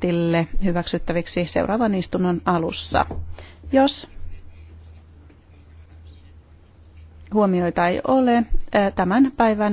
parlamentille hyväksyttäviksi seuraavan istunnon alussa. Jos huomioita ei ole, tämän päivän